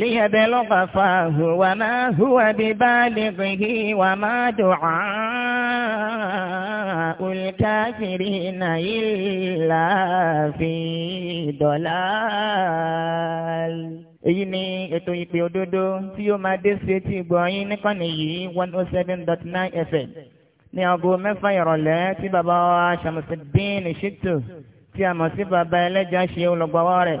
ليبلغ فاه وما هو ببالغه وما دعاء الكافرين إلا في ضلال èyí ni ètò ìpè òdodo tí yóò máa dé sí etí ìgbọ̀nyín níkànnì yìí one oh seven dot nine fm ní aago mẹ́fà ìrọ̀lẹ́ tí bàbá wa Ṣàmùsídín Ṣítù tí a mọ̀ sí bàbá ẹlẹ́jà ṣe olùgbàwọ́ rẹ̀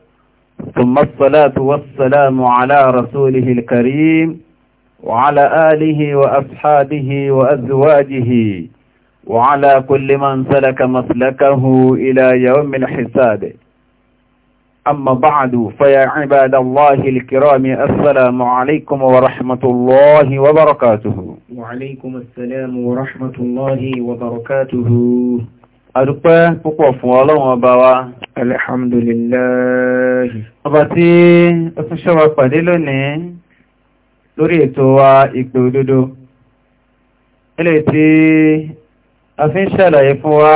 ثم الصلاة والسلام على رسوله الكريم وعلى آله وأصحابه وأزواجه وعلى كل من سلك مسلكه إلى يوم الحساب أما بعد فيا عباد الله الكرام السلام عليكم ورحمة الله وبركاته وعليكم السلام ورحمة الله وبركاته àdúpẹ́ púpọ̀ fún ọlọ́run ọba wa alhamdulillahi ọba tí ó tún ṣọ́ wa pàdé lónìí lórí ètò wa ìpè òdodo ilé tí a fi ń ṣàlàyé fún wa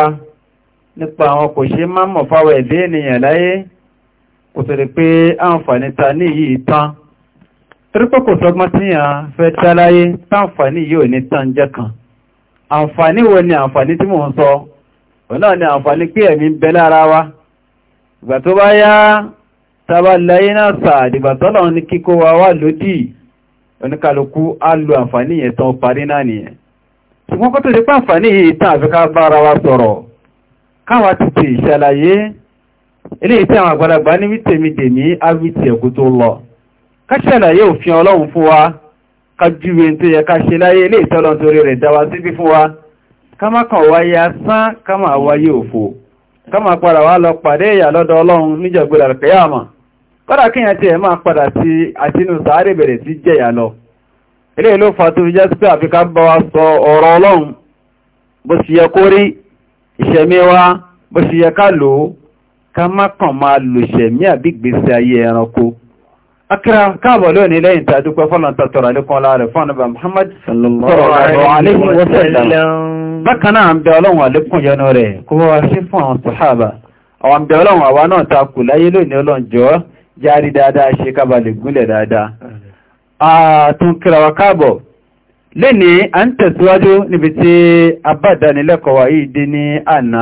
nípa àwọn kò ṣe máa mọ̀ fáwọ̀ ẹ̀dẹ́ ènìyàn láyé kò tó rí pé àǹfààní ta ní yìí tán torípọ̀ kò sọgbọ́n tí a fẹ́ tá láyé táǹfààní yìí ò ní tán jẹ́ kan àǹfààní wo ni àǹfààní tí mò ń sọ ọ̀nà ni àǹfàní pé ẹ̀mí bẹ lára wa ìgbà tó bá yá tàbá náà sàdìgbà tọ́lọ̀ ní kíkó wa wà lódì oníkàlùkù á lo àǹfàní yẹn tán parí náà nìyẹn ṣùgbọ́n kó tó lè pàǹfàní yìí tán àfikà bára wa sọ̀rọ̀ káwa ti ti ìṣàlàyé eléyìí tí àwọn àgbàlagbà ní wítèmídè ní áwítì ẹ̀kú tó lọ ká ṣàlàyé òfin wa wa wa kama kan ya sa-kama wayo fo-o. kama wáyé òfò kama padà wá lọ pàdé ìyà lọ́dọ̀ ọlọ́run níjọ̀gbọ́dà kẹyàmà kọ́dà kíyàn tí ẹ ti padà sí àtinú ti je sí jẹ̀yà lọ ilé ìlú fàtó jẹ́ sí pé àfikà bá wa sọ ọ̀rọ̀ ọlọ́run bó ṣe yẹ kó rí ìṣẹ̀mí wa bó ṣe kan akira lónìí lẹ́yìn rẹ̀ bákan náà ń bẹ ọlọ́run àlékún yẹnu rẹ̀ kó wá sí fún àwọn sàhábà àwọn ń bẹ ọlọ́run àwa náà ta kù láyé lónìí ọlọ́run járí dáadáa ṣe kábàlẹ̀ gúnlẹ̀ dáadáa àtún kírawa káàbọ̀ lénìí a ń tẹ̀síwájú níbi tí abádánilẹ́kọ̀ọ́ wa yìí dé ní àná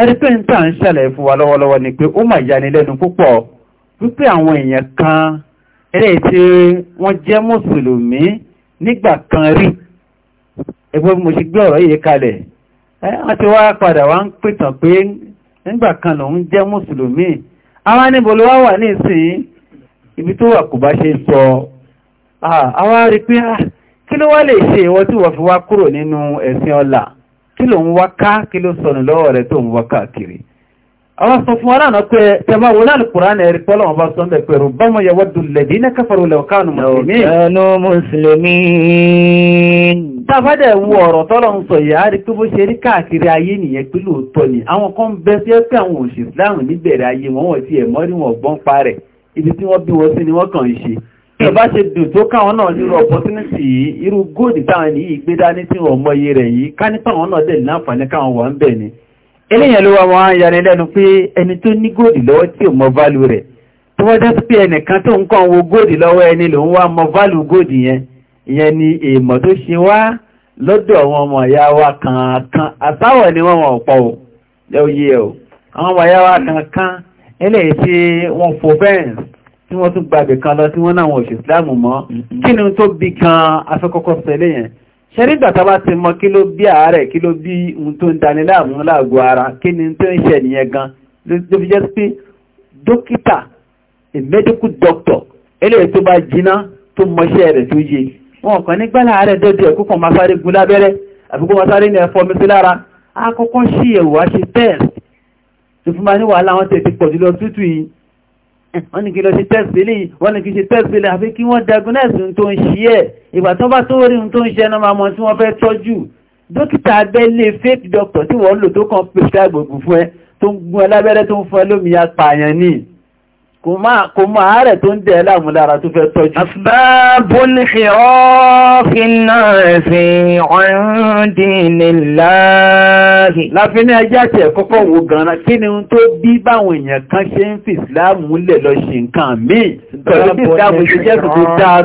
ẹni pé ń tà ń ṣàlẹ̀ fún wa lọ́wọ́lọ́wọ́ ni pé ó mà yanilẹ́nu púpọ̀ wípé àwọn èèyàn kan eré tí wọ́n jẹ́ mùsùlùmí nígbà kan rí ẹgbẹ́ mo ṣe gbé ọ̀rọ̀ yìí kalẹ̀ wọ́n ti wá padà wá ń pìtàn pé nígbà kan lòun jẹ́ mùsùlùmí àwọn níbo ló wá wà ní ìsìn ibi tó wà kò bá ṣe sọ àwọn rí pé kí ló wá lè ṣe ìwọ tí wọ́n fi wá kúrò nínú ẹ̀sìn ọlá kí ló ń wá ká kí ló sọnù lọ́wọ́ rẹ̀ tó ń wá káàkiri àwọn sọ fún aláàna pé tẹmọ wọn láàrín kùránì ẹ̀rí pọ́lọ̀ wọn bá sọ mẹ́ pẹ̀rù bọ́mọ yẹwọ́ dùn lẹ̀dí mùsùlùmí tafádẹ̀ wo ọ̀rọ̀ tọ́lọ̀ ń sọ ìyá rí pé bó ṣe rí káàkiri ayé nìyẹn pé lóòótọ́ ni àwọn kan bẹ sí ẹ́pẹ́ àwọn òṣèlú láàrùn níbẹ̀rẹ̀ ayé wọn wọ́n ti ẹ̀mọ́ rí wọn gbọ́n pa rẹ̀ ibi tí wọ́n bí wọn sí ni wọ́n kàn ń ṣe ìjọba ṣe dùn tó káwọn náà nírú opportunity yìí irú góòdì táwọn ní ìgbé dání tí wọn mọ iye rẹ̀ yìí ká nípa àwọn náà dẹ̀ láǹfààní káwọn wà ń bẹ̀ ni eléyàn ló wá wọn á yanilẹ́nu pé ẹni tó ní góòdì lọ́wọ́ tí ò mọ value rẹ̀ tó wọ́n jẹ́ pé ẹnìkan tó ń kàn wo góòdì lọ́wọ́ ẹni lòun wá mọ value góòdì yẹn ìyẹn ni èèmọ̀ tó ṣe wá lọ́dọ̀ wọn ọmọ ìyá wa kankan àtàwọ̀ ni wọ́n wọ̀n pọ̀ lẹ́oyè ẹ̀ e àwọn ọmọ ìyá wa kankan eléyìí tí wọ́n fò fẹ́ǹsì tí wọ́n tún gbàgbé kan lọ tí wọ́n náà wọ̀n ìsìláàmù mọ́ kí ni tó bí kan afẹ́kọ́kọ́ sẹ́lẹ̀ yẹn ṣẹ́rí gbàtà bá ti mọ kí ló bí àárẹ̀ kí ló bí ohun tó ń dani láàmú láàgó ara kí ni tó ń ṣe nìyẹn gan ló fi jẹ́ pé dókítà a medical doctor eléyìí tó bá jiná tó mọṣẹ́ rẹ̀ tó yé wọn kàn ní gbẹ́lá ààrẹ dédé ẹ̀kú kan máa sáré gun lábẹ́rẹ́ àbíkó wọn sáré ní ẹ̀fọ́ mi sí lára akọ́kọ́ sí ẹ̀wò wá ṣe test tó fún ma ní wàhálà wọn tètè pọ̀ jùlọ tútù yìí wọ́n ní kí lọ ṣe test eléyìí wọ́n ní kí ṣe test eléyìí àfi kí wọ́n diagnose tó ń ṣe ẹ̀ ìgbà tó bá tó rí doctor tí wọ́n lò tó kàn prescribe ògùn fún ẹ tó ń gun kò máa rẹ̀ tó ń dẹ̀ láàmúlára tó fẹ́ tọ́jú. asbábùn ṣìrọ́fì náà fi ọ̀rìndì níláàrí. láfi ní ẹjá tẹ̀ kọ́kọ́ wo gan-an kí ni tó bí báwọn èèyàn kan ṣe ń fi ìsìláàmù lẹ̀ lọ ṣe nǹkan míì pẹ̀lú bí ìsìláàmù ṣe jẹ́ tó dáa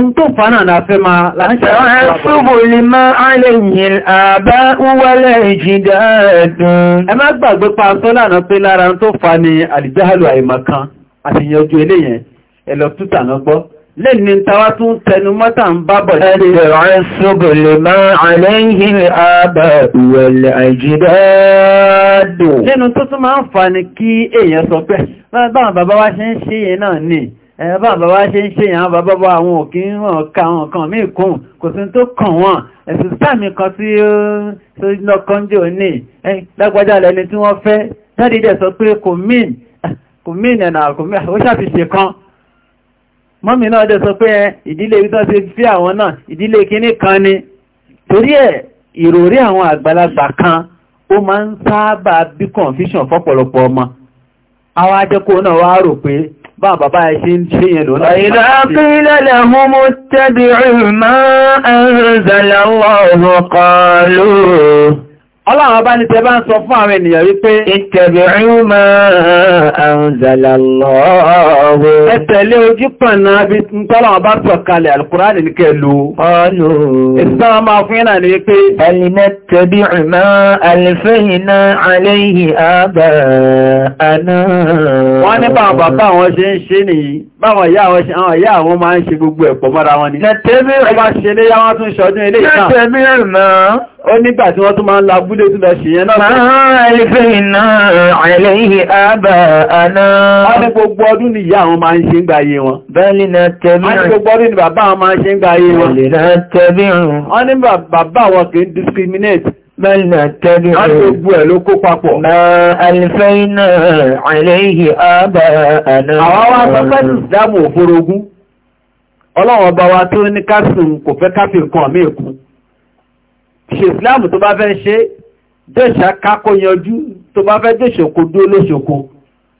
ń tó fánà náà fẹ́ máa láti ṣe ṣúbò lè máa alẹ́ yìn àbá wúwálẹ̀ ìjìdá ẹ̀dùn. ẹ má gbàgbé pa sọ́lá náà pé lára ń tó fa ni àlìjáhàlù àìmọ̀kan àti yanjú eléyẹn ẹ̀lọ tútà náà gbọ́ lẹ́ni tàwà tún tẹnu mọ́ta ń bábọ̀ ẹ̀rẹ̀ ṣúbò lè máa alẹ́ yìn àbá wúwálẹ̀ ìjìdá ẹ̀dùn. lẹ́nu tó tún máa ń fa ni kí èèyàn sọ pé báwọn bàbá wa ṣe ń ṣe yẹn náà ni ẹ̀bá bàbá ṣe ń ṣe ìyàn bàbá bá àwọn òkè wọn ká wọn kan mí kún kò sí tó kàn wọn ẹ̀sùn sáàmì kan tí ó lọ́kànjò ní lágbàjá lẹni tí wọ́n fẹ́ jáde dẹ̀ sọ pé kò mín ẹ̀nà ó ṣàfihàn kan mọ́mí náà dẹ̀ sọ pé ìdílé tó ti fi àwọn náà ìdílé kíní kan ni torí ẹ̀ ìròrí àwọn àgbàlagbà kan ó máa ń sáábà bí confusion fọ́pọ̀lọpọ̀ ọmọ àwọn ajẹ́kọ̀ọ́ náà wá rò pé bá bàbá ẹṣẹ́ ń ṣe yẹn lónà. Àìdá kílẹ̀ lẹ́hún mú tẹ́bìrì máa ń zàlẹ̀ Ọlọ́run bá ní tẹ bá ń sọ fún àwọn ènìyàn wípé ittabi'u ma anzala Allah. Ẹ tẹ̀lé ojú pọ̀nà bí tọ́lọ́run bá sọ kalẹ̀ Al-Qur'ani ní kẹlú. Ọlù. Ìsọ́wọ́n máa ma alfayna alayhi aba'ana. Wọ́n ní bá bàbá àwọn ṣe ń ṣe dé tí lọ ṣe yẹn náà. Máa ìfẹ́ iná àìlẹ́yìn àbà àná. A ní gbogbo ọdún ni ìyá àwọn máa ń ṣe ń gba ayé wọn. Bẹ́ẹ̀lì náà tẹ̀mí. A discriminate. Mẹ́lá tẹ́lú rẹ̀. Láti ogbó ẹ̀ ló kó papọ̀. Mẹ́ alìfẹ́ iná àìlẹ́yìí àbà àná. Àwọn wá sọ́pẹ́ sí ìdámò òforogún. Ọlọ́run ọba wa tó ní kásùn kò fẹ́ káfí nǹkan mí ìkún. Ṣe ìsìláàmù tó bá fẹ́ ṣe dẹ́ṣà kákó yanjú tó bá fẹ́ dẹ́ṣòkó dúó lóṣòkó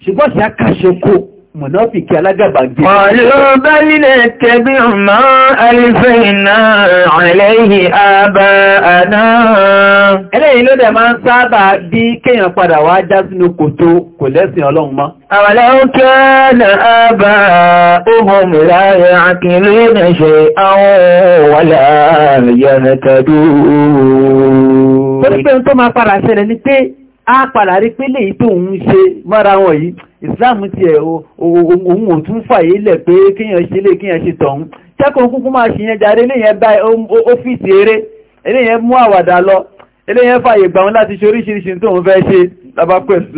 ṣùgbọ́n ṣàkàṣòkó mọ̀náfìkì alágàbàgbé. Ọ̀lọ́bá nílẹ̀ tẹ́bí ọmọ alifẹ́ iná àlẹ́yìn àbá àná. Ẹlẹ́yìn ló dẹ̀ máa ń sábà bí kéèyàn padà wá já sínú kòtò kò lẹ́sìn ọlọ́run mọ́. Àwàlẹ́ ó kẹ́ ẹ̀nà àbá tó máa padà ṣẹlẹ̀ ni pé a padà rí pé lèyí tó ń ṣe mọ́ra wọn yìí islam ti ẹ̀ ohun ò tún fàyè lẹ̀ pé kíyàn ṣe lè kíyàn ṣe tọ̀hún tẹ́kọ̀ọ́ kúkú máa ṣìyàn jàre eléyẹn bá ọ́fíìsì eré eléyẹn mú àwàdà lọ eléyẹn fàyè gbà wọn láti ṣe oríṣiríṣi tó ń fẹ́ ṣe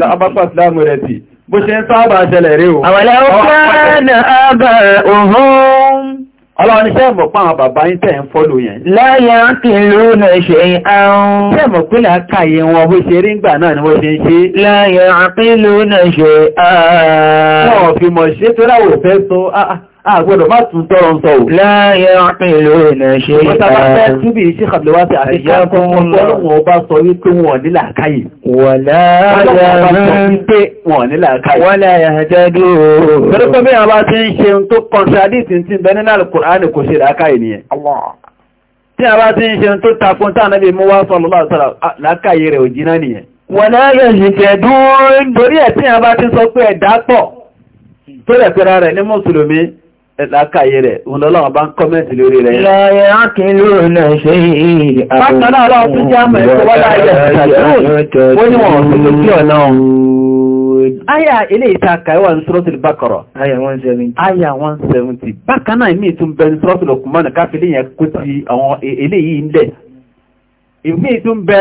lábápẹ́ islam rẹ̀ tì bó ṣe ń sábà ṣẹlẹ̀ rí o. àwàlẹ́ ó fẹ́ Ọlọ́run ní sẹ́ẹ̀mọ̀ pa àwọn bàbá yín tẹ̀ ń fọ́lò yẹn. Láyé ń kì í lónà ṣe àrùn. Sẹ́ẹ̀mọ̀ pé làákàyè wọn bó ṣe rí ńgbà náà ni wọ́n ṣe ń ṣe. Láyé ń kì í lónà ṣe àrùn. Wọ́n fi mọ̀ ṣe tó ráwò fẹ́ sọ, ah, ah, àgbọ̀dọ̀ má tún tọrọ ń sọ ò. láyé ìlú ìnà ṣe ìyá. wọ́n sábà fẹ́ túbí sí kàbílẹ̀wá sí àríkà fún ọlọ́run ọba sọ wípé wọn ní làákàyè. wọ̀lá yàjẹ́dú. pẹ̀lú bí a bá ti ń ṣe tó kọ̀ntradìtì ti bẹ nínú alukùránì kò ṣe làákàyè nìyẹn. tí a bá ti ń ṣe tó takun tá ànábì mú wá sallallahu alaihi wasallam làákàyè rẹ̀ ò jiná nìyẹn. wọ̀lá yàjẹ́dú. torí ẹ̀ tí a bá ti sọ pé ẹ̀dá pọ̀ tó rẹ̀ pẹ̀ra rẹ̀ ní mùsùlùmí lákàyé rẹ̀ òun lọ́lọ́wọ́n bá ń kọ́mẹ́ntì lórí rẹ̀. láyé ákìlú náà ṣe ìrìn àwọn ọmọ Aya ilé ìtaka ẹwà ní Suratul Baqara. Aya 170. Aya 170. Bákan náà ìmí ìtún bẹ ní Suratul Luqman káfílì yẹn kó ti àwọn ilé e-, yìí ń lẹ̀. Ìmí ìtún bẹ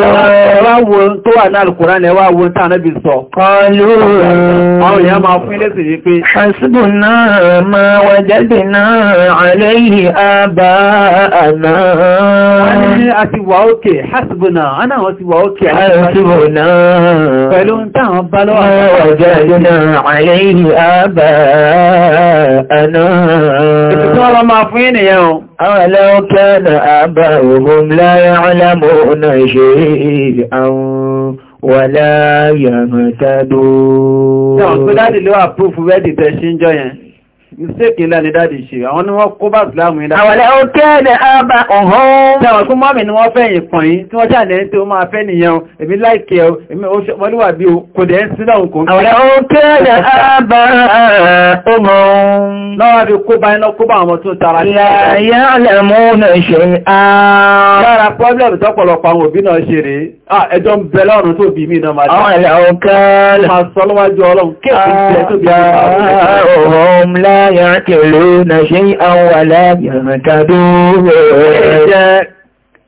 Ẹwàwò tó wà náà Al-Qur'an ẹwàwò tí Ànábì sọ. àwọn èèyàn máa fún ilẹ́sì ní pé. Hasbuna ma wajadna alayhi aba'ana. Wọ́n ní a ti wà òkè, hasbuna, a náà wọ́n ti wà òkè. Hasbuna. Pẹ̀lú táwọn bá lọ́wọ́. Ma wajadna wọ́n máa fún ènìyàn o. Àwọn ẹlẹ́ọ̀kẹ́ àbá òhun láyé alámò ọ̀nà ìṣe àwọn wàlá yàmọ̀tádó. Náà, tó dáadì ló wà púfù wẹ́dì sí ń jọ yẹn mistake ńlá ni dáàdì ṣe àwọn ni wọ́n kó bá ìsìláàmù ìlà àwọ̀lẹ̀ ó kẹ́ẹ̀lẹ̀ àbá ọ̀hún tẹ́wọ̀n kún mọ́mí ni wọ́n fẹ́ ìpọ̀n yìí tí wọ́n ṣàlẹ̀ tí ó máa fẹ́ nìyẹn èmi láìkẹ́ èmi wọ́lúwà bí o kò dẹ̀ ń sílẹ̀ òkun àwọ̀lẹ̀ ó kẹ́ẹ̀lẹ̀ àbá ọ̀hún lọ́wọ́ bí kó bá iná kó bá àwọn tó tara sí ìyáàlẹ̀ mú ní ṣe lára pọ́blẹ̀mù tọ́pọ̀lọpọ̀ àwọn òbí náà ṣe rèé ẹjọ́ ń bẹ lọ́rùn tó bí mí náà máa dáa ọ̀rẹ́ ọ̀kẹ́lẹ̀ máa sọ lọ́wọ́jú ọlọ́run kí ya'qiluna shay'an wa la yahtadun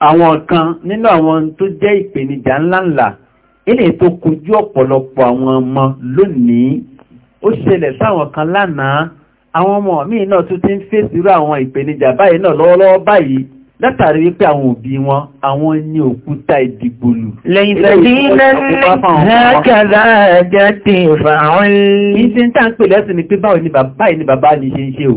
àwọn kan nínú àwọn tó jẹ́ ìpèníjà ńláńlá ilé tó kojú ọ̀pọ̀lọpọ̀ àwọn ọmọ lónìí ó ṣẹlẹ̀ sáwọn kan lánàá àwọn ọmọ míì náà tún ti ń fèsì àwọn ìpèníjà báyìí náà lọ́wọ́lọ́wọ́ báyìí látàrí wípé àwọn òbí wọn àwọn ní òkúta ìdìgbòlù. lẹ́yìn tàbí náà kàdà àjá ti fàáwọn. ní tí ń tàn pè lẹ́sìn ni pé báwo ni bàbá yìí ni bàbá ni ṣe ń ṣe o.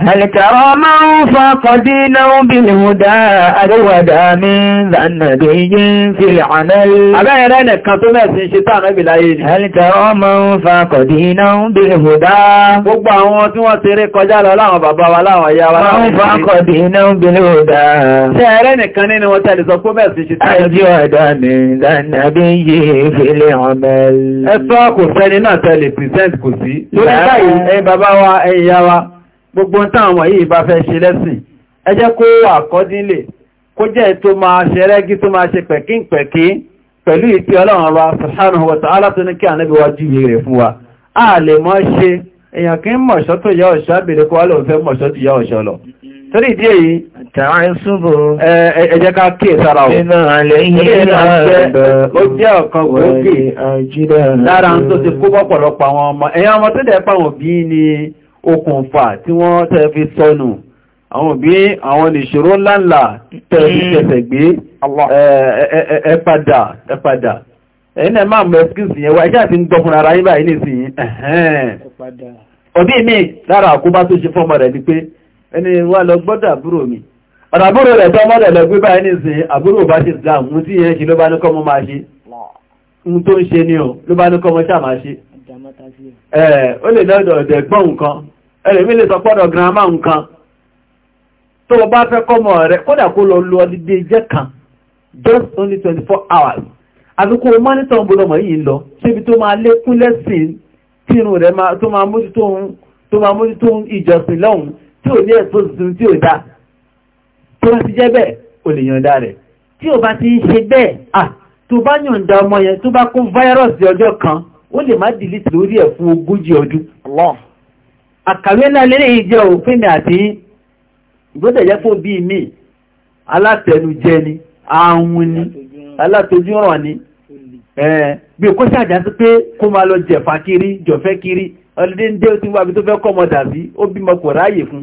Àlìkàrọ máa ń fa kọdí náà bí lèmúdá àríwàdá mi lánàdó yí ń fi lànà lè. Abẹ́rẹ́ nìkan tó mẹ́sí ṣe tánà bí láyé ni. Àlìkàrọ máa ń fa kọdí náà bí lèmúdá. Gbogbo àwọn tí wọ́n ti rí kọjá lọ láwọn bàbá wa láwọn ìyá wa gbogbo táwọn wọ̀nyí ìbá fẹ́ ṣe lẹ́sìn ẹ jẹ́ kó àkọ́dínlẹ̀ kó jẹ́ tó máa ṣe rẹ́gí tó máa ṣe pẹ̀kín pẹ̀kín pẹ̀lú ìtí ọlọ́run wa subhanahu wa ta'ala tó ní kí ànábì wa júwe rẹ̀ fún wa a lè mọ́ ṣe èèyàn kí ń mọ̀ṣọ́ tó yá ọ̀ṣọ́ àbèrè kó wá lóun fẹ́ mọ̀ṣọ́ tó yá ọ̀ṣọ́ lọ torí ìdí èyí ẹ jẹ́ ká kí ìsára ọ̀ ó jẹ́ ọ̀kan gbòógì lára tó ti kó pọ̀pọ̀lọpọ̀ àwọn ọmọ èèyàn ọmọ tó dẹ̀ pàwọn òbí ni okùnfà tí wọ́n tẹ́ fi sọnù àwọn òbí àwọn nìṣòro ńláńlá tẹ́ fi tẹ̀sẹ̀ mm-hmm. gbé ẹ padà ẹ padà ẹ̀yìn ẹ̀ máa mọ̀ ẹ́skíùsì yẹn wá iṣẹ́ ń dọ́kùnrin ara yín báyìí nìsín òbí mi lára àkóbá tó ṣe fọ́mọ rẹ̀ ni pé ẹni wà lọ gbọ́dọ̀ àbúrò mi ọ̀nà àbúrò rẹ̀ tó ọmọdé lọ gbé báyìí nìsín àbúrò bá ṣe Islam mú tí yẹn ṣe ló bá ní kọ́mọ máa ṣe ń tó ń ṣe ni o ló bá ní kọ́mọ ṣáà máa ṣe ó lè lọ́dọ̀ ọ̀dẹ̀ gbọ́n nǹkan ẹlẹ́mí lè sọ pọ́dọ̀ grandma nǹkan tó bá fẹ́ kọ́mọ rẹ̀ kódà kó lọ lo ọdídé jẹ́ kan just only twenty four hours àfi kó o má ní tọ́nbó lọmọ yìí lọ síbi tó máa lékún lẹ́sìn tínú rẹ̀ tó máa mójútó ìjọsìn lọ́hùn tí ò ní ẹ̀sùn tuntun tí ò dá tó bá ti jẹ́ bẹ́ẹ̀ o lè yọ̀ǹda rẹ̀ tí ò bá ti ń ṣe bẹ́ẹ̀ ah tó bá yọ̀ǹda ọmọ yẹn tó bá kó fáírọ̀sì ọjọ́ kan ó lè má dìlítì lórí ẹ̀ fún ogójì ọdún àkàwé náà lélẹ̀ ìjẹ́ òfin mi àti ìgbótẹ̀jẹ́ fún bí mi alátẹnujẹ ni ahun ni alátojúràn ni bí kó ṣàjá sí pé kó máa lọ jẹ̀fà kiri jọ̀fẹ́ kiri ọlọ́dé ń dé ó ti wábi tó fẹ́ kọ́mọdà sí ó bímọ kò ráyè fún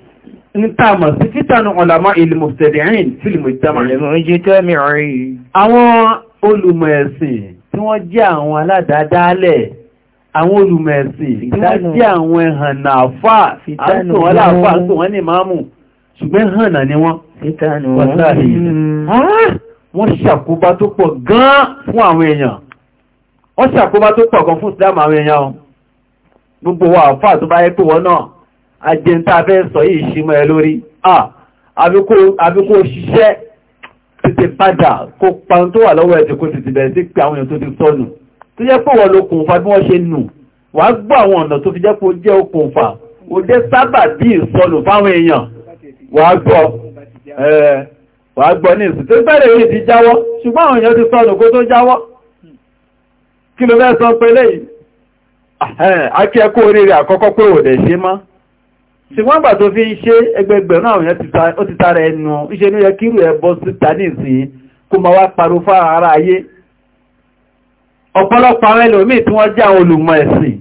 nítàmà sí títànù ọ̀làmá ìlúmọ̀sẹ̀dẹ̀rin fílìmù ìjámàrí. Àwọn olùmọ̀ ẹ̀sìn tí wọ́n jẹ́ àwọn aládàádálẹ̀, àwọn olùmọ̀ ẹ̀sìn tí wọ́n jẹ́ àwọn ẹ̀hànà àfà, àtùn wọ́n láàfà, àtùn wọ́n ní máàmù, ṣùgbọ́n hànà ni wọ́n. Hmm. Wọ́n ṣàkóbá tó pọ̀ gan fún àwọn èèyàn. Wọ́n ajẹ́ntà fẹ́ sọ yìí ṣímọ̀ ẹ lórí àbíkó ṣiṣẹ́ títí padà kó paun tó wà lọ́wọ́ ẹ̀tẹ̀kó títí bẹ̀rẹ̀ sí pé àwọn èèyàn tó ti sọnù tó jẹ́ pé wọ́n ló kùnfà bí wọ́n ṣe nù wà gbọ́ àwọn ọ̀nà tó fi jẹ́ pé ó jẹ́ okùnfà ó jẹ́ sábà bí ìsọnù yìí ti jáwọ́ ṣùgbọ́n àkọ́kọ́ pé ò ṣe máa ṣùgbọ́n gbà tó fi ń ṣe ẹgbẹgbẹ̀rún àwọn èèyàn ó ti tara ẹnu ìṣe ní ẹkírù ẹbọ síta ní ìsìn kó ma wá parọ́ fára ara ayé ọ̀pọ̀lọpọ̀ àwọn ẹlòmí tí wọ́n jẹ́ àwọn olùmọ̀ ẹ̀sìn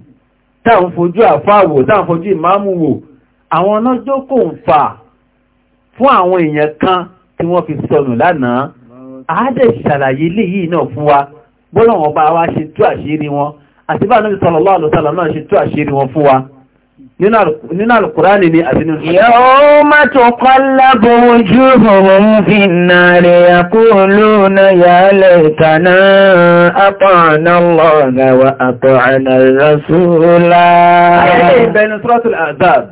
táwọn fojú àfáàwò táwọn fojú ìmáàmù wò àwọn ọlọ́jọ́ kò ń fà fún àwọn èèyàn kan tí wọ́n fi sọnù lánàá wa bọ́lọ̀ wọn bá wa ṣe tú àṣírí wọn àti bá náà sallallahu يوم تقلب وجوههم في النار يقولون يا ليتنا اطعنا الله واطعنا الرسول بين سوره الاعذاب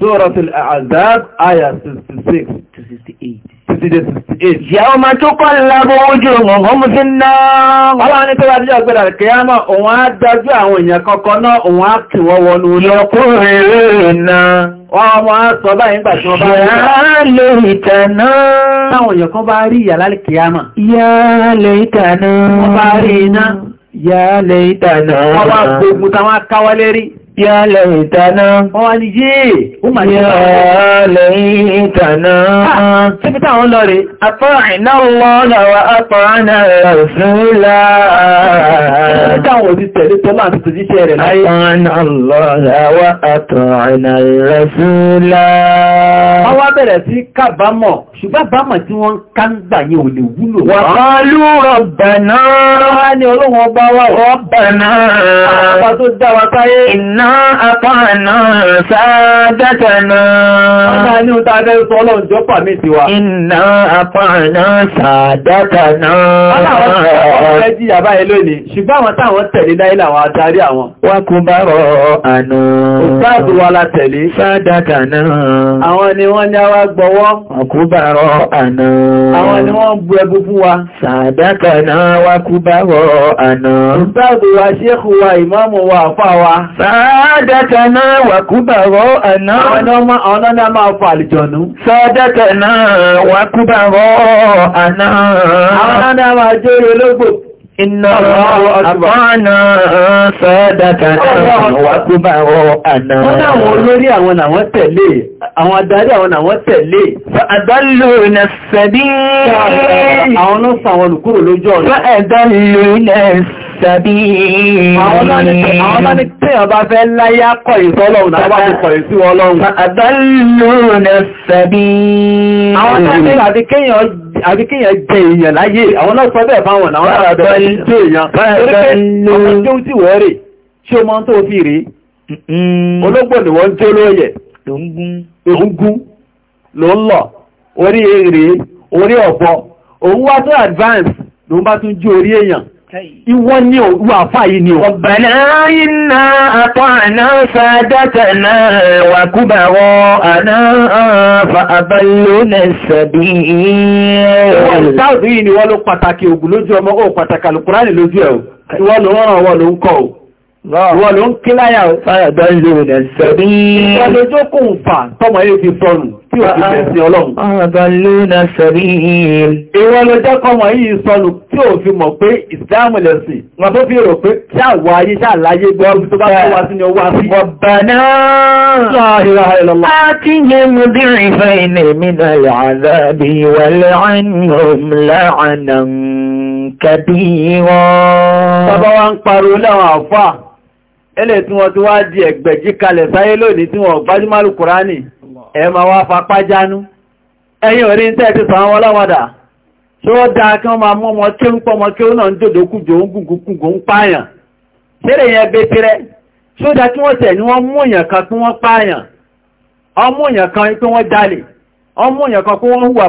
سوره الاعذاب ايه 66 sixty dé sixty eight. ìyàwó máa tó kọ́ lábọ́ ojú ọ̀hún mú sí náà. ọlọ́run ní tó bá díjọ́ gbẹ́dà kíámà òun á dájú àwọn èèyàn kankan náà òun á kì wọ́n wọnú ilé. ọkùnrin rèé lè tẹ̀nà. wọ́n bá gbogbo táwọn akáwálé rí. يا ليتنا وليجي يا ليتنا سبتا ولوري أطعنا الله وأطعنا الرسول أطعنا الله وأطعنا الرسول Àwọn abẹ̀rẹ̀ sí kábàámọ̀, ṣùgbọ́n bámọ̀ tí wọ́n ká ń gbà yẹ ò lè wúlò. Wà kọlu rọ̀bẹ̀ná. Wọ́n ní olóhun ọba wà rọ̀bẹ̀ná. Àwọn tó dáwà táyé. Iná àpọ̀nà sáádátànà. Ọ̀nà ní ó tàbí sọ ọlọ́run jọ pàmí ti wa. Iná àpọ̀nà sáádátànà. Aláwọ̀ ọ̀rẹ́ jí àbá ilé ni, ṣùgbọ́n àwọn táwọn tẹ̀lé láìlà àwọn adarí àwọn. Wọ́n kú bá ni wọ́n ní àwa gbọ́wọ́. Wọ́n àná. Àwọn ni wọ́n bu ẹbú fún wa. Sáádátànà wá kú àná. Òṣàbù wa ṣéèkù wa ìmáàmù wa àfáà wa. Sáá Sádẹ́tẹ̀ná wàkúbàrọ́ ẹ̀nà. Àwọn ọ̀nà máa fọ àlìjọ̀nú. Sádẹ́tẹ̀ná wàkúbàrọ́ ẹ̀nà. Àwọn ọ̀nà máa jẹ́ ológbò Iná àbáàna sọ́dàkà wà tó bá wọ àná. Wọ́n láwọn olórí àwọn àwọn tẹ̀lé, àwọn adarí àwọn àwọn tẹ̀lé. Fa'adallu na sàbí. Àwọn náà sọ àwọn olùkúrò lójú ọ̀nà. Fa'adallu na sàbí. Àwọn náà ni tẹ́yàn bá fẹ́ láyá kọ̀ ìsọ́lọ́run náà wá ti àbí kíyàn jẹ èèyàn láyé àwọn náà sọ bẹ́ẹ̀ fáwọn àwọn ará bẹ̀rẹ̀ tí èèyàn torí ó ti wọ́ rè ṣé o máa tó fi rèé ológbò advance Ìwọ ni o, wà fà yìí ni o. Ọ̀bẹ̀lẹ̀ iná àtọ́ àná sàádẹ́tẹ̀ náà wà kúbàwọ́ àná àfà àbẹ̀lò nẹ̀sẹ̀bí. Ìwọ ni wọ́n ló pàtàkì ògùn lójú ọmọ, ó pàtàkì àlùkùránì lójú ẹ̀ Wọ́n ló ń kí láyà ọ̀dọ́ ìlú rẹ̀ sẹ̀bí. Wọ́n ló jókòó ń fà tọ́mọ̀ ilé ti sọnù tí ò ti fẹ́ sí ọlọ́run. Ọ̀dọ́lú na sẹ̀bí. Ìwọ́n ló jẹ́kọ́mọ̀ yìí sọnù tí ò fi mọ̀ pé ìsìláàmù lẹ̀sìn. Wọ́n tó fi rò pé tí àwọ̀ ayé ṣàlàyé gbọ́ tó bá tó sí ni ọwọ́ àti. Ọ̀bàná láti náà yàrá ẹlẹ́ tí wọ́n ti wá di ẹgbẹ̀jí kalẹ̀ sáyé lónìí tí wọ́n gbájúmálù kùránì ẹ ma wá fapá jánú ẹ̀yìn orí ń tẹ́ẹ̀tì sàn ó dáa wọ́n ma mọ́ ọmọ ó ń pọ́ ọmọ kí ó náà ń dòdó kújò ń gùnkùnkùn pààyàn yẹn tí ó kí wọ́n tẹ̀ ní wọ́n mú èèyàn kan kí wọ́n wọ́n èèyàn kan wọ́n jalè èèyàn kan wọ́n hùwà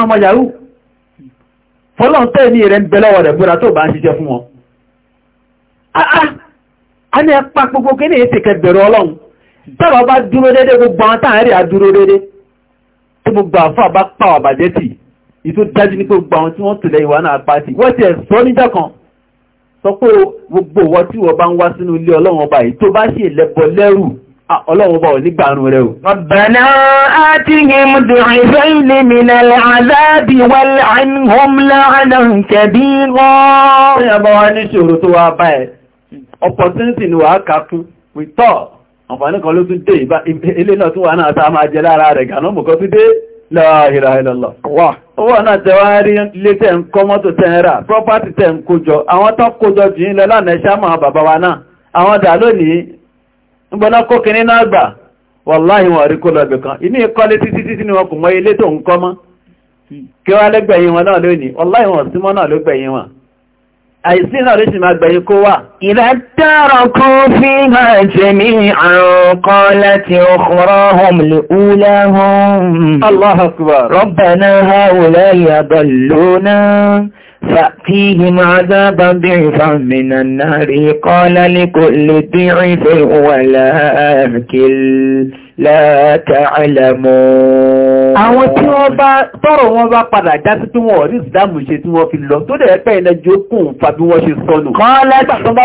bàjẹ́ tọ́lọ́n tẹ́ ní rẹ̀ ń bẹ lọ́wọ́ rẹ̀ búra tó bá ń ṣiṣẹ́ fún wọn ah, ah, a ní ẹpa gbogbo kí ní èsì kẹgbẹ̀rẹ̀ ọlọ́run tọ́rọ bá dúró dédé gbogbo àwọn táàrí àdúró dédé tí gbogbo àfọ́ àbá pàwà bàjẹ́ tì ìtò dájú ọlọ́run bọ̀ nígbàrún rẹ̀ o. Rabbana atihim du'ifayni minal azabi wal'anhum la'nan kabira. Ṣé ọba wa ní ṣòro tó kàkún, wìtọ́, àǹfààní kan ló tún dé ilé náà tún wà náà tá máa jẹ lára rẹ̀ gànà mọ̀kọ́ tún dé la ilaha illallah. Owó náà tẹwà rí ilé tẹ́ ń kọ́ mọ́tò tẹ́ ń rà, property tẹ́ ń kójọ, àwọn tán kójọ jù ń lọ lánàá ńgbọ́nàkó kìíní náà gbà wàláhì wọn rí kó kan inú títí títí ni wọn kò ilé tó ń kọ́ mọ́ kí wọ́n lẹ́gbẹ̀yìn wọn náà lónìí wàláhì wọn símọ́ náà ló wọn àìsí náà ló kó wà إذا اداركوا فيها جميعا قالت أخراهم لأولاهم الله أكبر ربنا هؤلاء يضلونا فأتيهم عذابا ضعفا من النار قال لكل ولا ولكن لا تعلمون àwọn tí wọ́n bá tọ́rọ̀ wọn bá padà já sí tí wọ́n rí ìsìdámù ṣe tí wọ́n fi lọ tó dẹ̀ ilẹ̀ jókùn fàbí wọ́n ṣe sọnù kọ́lẹ́tà tó bá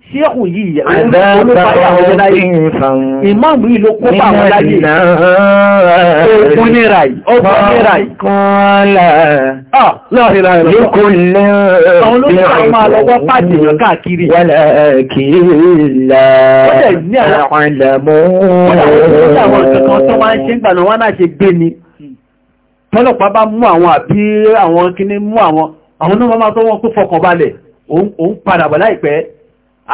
ṣéhù yìí ìmáàmù yìí ló kópa àwọn láyé ogun nira yìí ọgbọ́n nira yìí kọ́ọ̀lá lọ́rìnlá lókò lẹ́ àwọn olóògbà máa lọ́wọ́ pàdé yàn káàkiri wọ́lẹ̀ kìílá àwọn ìlẹ̀mọ́ hmm. tọ́lọ̀pàá bá mú àwọn àbí àwọn kíní mú àwọn àwọn náà máa tọ́wọ́ kó fọkàn balẹ̀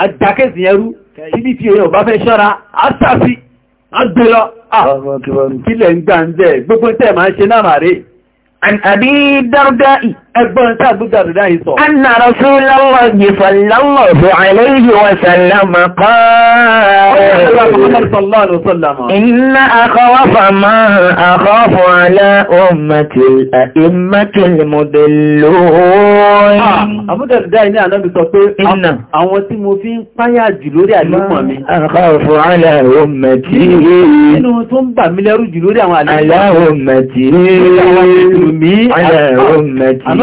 àdákẹ́sì yẹn rú títí tí èèyàn bá fẹ́ ṣọ́ra àṣàfi àgbélọ́ ah, kílẹ̀ ń gbà ń bẹ̀ gbogbo tẹ̀ máa ń ṣe náà màrí. an Abi Darda'i Ẹgbọ́n tí àgbúgbà rẹ̀ dáyìí sọ. Anna Rasulullahi sallallahu alayhi wa sallam qala. Inna akhwafa ma akhafu ala ummati al-a'immati al-mudillun. Ah, Àbúdà rẹ̀ dáyìí ní ànábì sọ pé àwọn tí mo fi ń páyà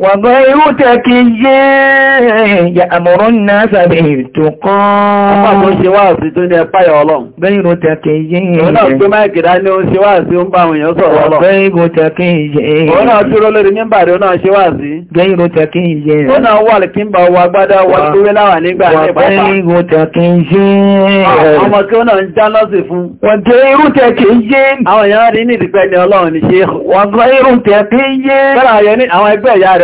وغير تكي يأمر الناس بالتقى Ọmọ ṣe wá sí tó ní ẹ̀pá yọ ọlọ́run. Bẹ́ẹ̀rù tẹ̀kì yìí. Òun náà tó máa kìdá ní oun ṣe wá sí ń bá àwọn èèyàn sọ̀rọ̀ ọlọ́run. Bẹ́ẹ̀rù tẹ̀kì yìí. Òun náà dúró lórí nígbà rẹ̀ náà ṣe wá sí. Bẹ́ẹ̀rù tẹ̀kì yìí. Òun náà wà kí ń bá wa gbádá wa tó wé láwà nígbà rẹ̀ pàápàá. Bẹ́ẹ̀rù tẹ̀kì yìí. Ọmọ kí ó náà ń já lọ́sì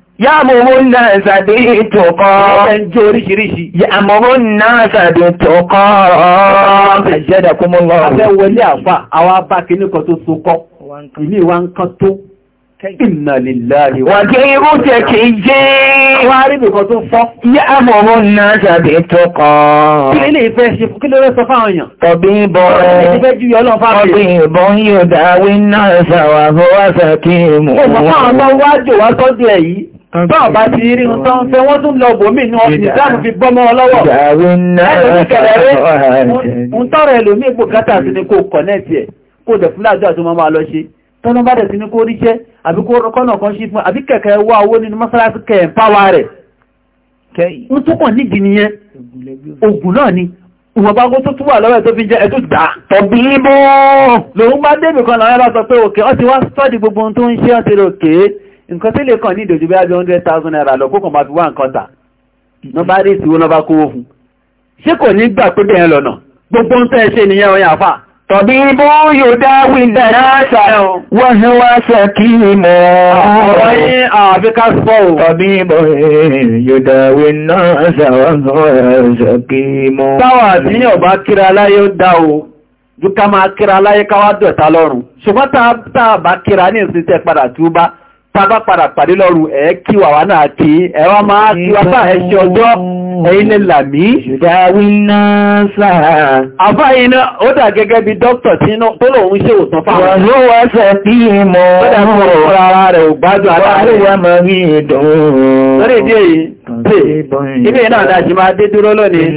Yàmùrú náà sàbí ìtòkọ́. Ẹjọ́ oríṣiríṣi. Yàmùrú náà sàbí ìtòkọ́. Àjẹ́dà kó mọ́ lọ. Abẹ́ wọlé àfà, àwọn abá kìíní kan tó so kọ́. Ilé wa ń kán tó. Inna lillahi. Wàdí irú tẹ̀ kì í jẹ́. Àwọn aríbì kan tó fọ́. Yàmùrú náà sàbí ìtòkọ́. Kí lè fẹ́ ṣe kí lè fẹ́ sọ fáwọn èèyàn? Tọ̀bí bọ̀ ẹ́. Ìfẹ́ ju yóò dáwé náà sàwà fọwọ́ sàkíyèmù. Òṣùpá àwọn tó wájò wá sọ́dọ̀ ẹ̀ yìí. Báàbá ti rí ń tán fẹ́ wọ́n tún lọ bò ní ọdún ìdáàmù fi bọ́mọ́ ọlọ́wọ́. Ẹlòmí kẹrẹrẹ, ń tọ́rọ ẹlòmí bá dẹ̀ túnwà lọ́wẹ́ tó fi jẹ́ ẹ̀tù dà tọ̀bí bọ́ lòun bá débì kan láwọn ẹbá sọ pé òkè ó ti wá sọ́dì gbogbo tó ń ṣe ó ti rò kéé nǹkan tí lè kàn ní ìdòjú bí i hundred thousand naira lọ kókàn máa fi wá nǹkan tà nọba rí ìsìwó nọba kówó fún ṣé kò ní gbà pé bẹ́ẹ̀ lọ́nà gbogbo ń tẹ́ ṣe nìyẹn ọyàn àfà. tọ̀bí bó yóò dá wíńdà náà ṣá wọ́n ṣe wá ṣe kí ni mọ́. ọ̀rọ̀ yín àfi sọ o. tọ̀bí bó yóò dá wíńdà náà ṣá wọ́n ṣe kí ni mọ́. táwọn àtìyàn bá kíra láyé ó dá o ju ká máa kíra láyé tàbá padà pàdé lọ́rùn ẹ̀ kí wàwà náà kí ẹwà máa kí wá sáà ẹṣẹ́ ọjọ́ ẹ̀yìnlẹ̀ làmí ìdáwí náà sáà àbá ó dà gẹ́gẹ́ bí dókítà tí tó lòun ṣe òtàn fáwọn wọ́n ló wá ṣe bí mọ́ ọ̀rọ̀ rẹ̀ ò gbádùn aláàrẹ̀ wọ́n máa rí ìdùn lórí ìdí èyí ilé náà dájí máa dé dúró lónìí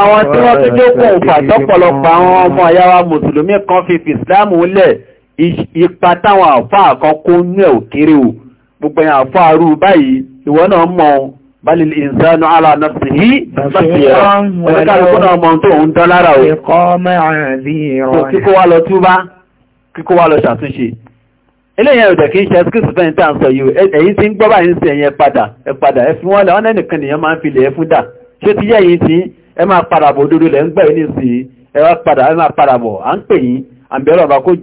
àwọn tí wọ́n tó jókòó fà tọ́pọ̀lọpọ̀ àwọn ọmọ àyàwó mùsùlùmí kan fi fi ìsìláàmù lẹ̀ ipa táwọn àfáà kan kó ní ẹ̀ òkèrè o gbogbo ẹ̀yàn àfáà rú báyìí ìwọ náà mọ̀ balil insanu ala nafsihi basira ọ̀rẹ́kàlùkù náà mọ̀ tó ń dán lára o kíkó wá lọ túbá kíkó wá lọ ṣàtúnṣe eléyàn ọ̀dẹ̀ kí ń ṣe skills fẹ́ tá ń sọ yìí ẹ̀yìn tí ń gbọ́ báyìí ń sẹ ẹ̀yẹn padà ẹ̀ padà ẹ fi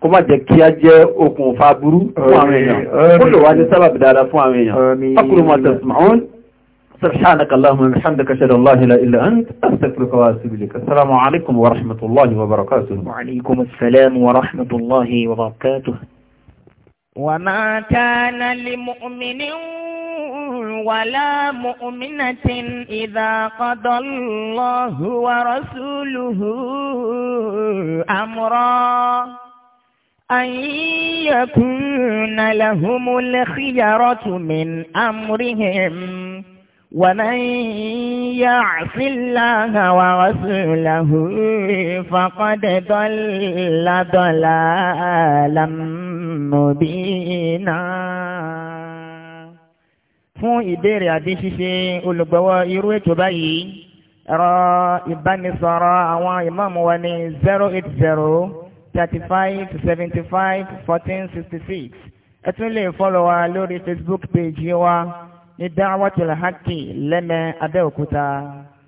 kó má jẹ́ kí a jẹ́ okùnfà burú fún àwọn èèyàn kó lò wá ní sábàbí dáadáa fún àwọn èèyàn akúrò máa tasma'un subhanaka allahumma wa bihamdika ashhadu an la ilaha illa anta astaghfiruka wa atubu ilayk assalamu alaikum wa rahmatullahi wa barakatuh wa alaikum assalam wa rahmatullahi wa barakatuh wa ma kana lil mu'minin ولا مؤمنة إذا قضى الله ورسوله أمرا أن يكون لهم الخيرة من أمرهم ومن يعص الله ورسوله فقد ضل ضلالا مبينا fún ìbéèrè àti ṣíṣe olùgbọ́wọ́ irú ètò báyìí ẹ̀rọ ìbánisọ̀rọ̀ àwọn ìmáàmù wa ní zero eight zero thirty five seventy five fourteen sixty six ẹ tún lè fọ́lọ̀ wa lórí Facebook page wa ní Da'watul Haqqi lẹ́mẹ̀ẹ́ Abẹ́òkúta.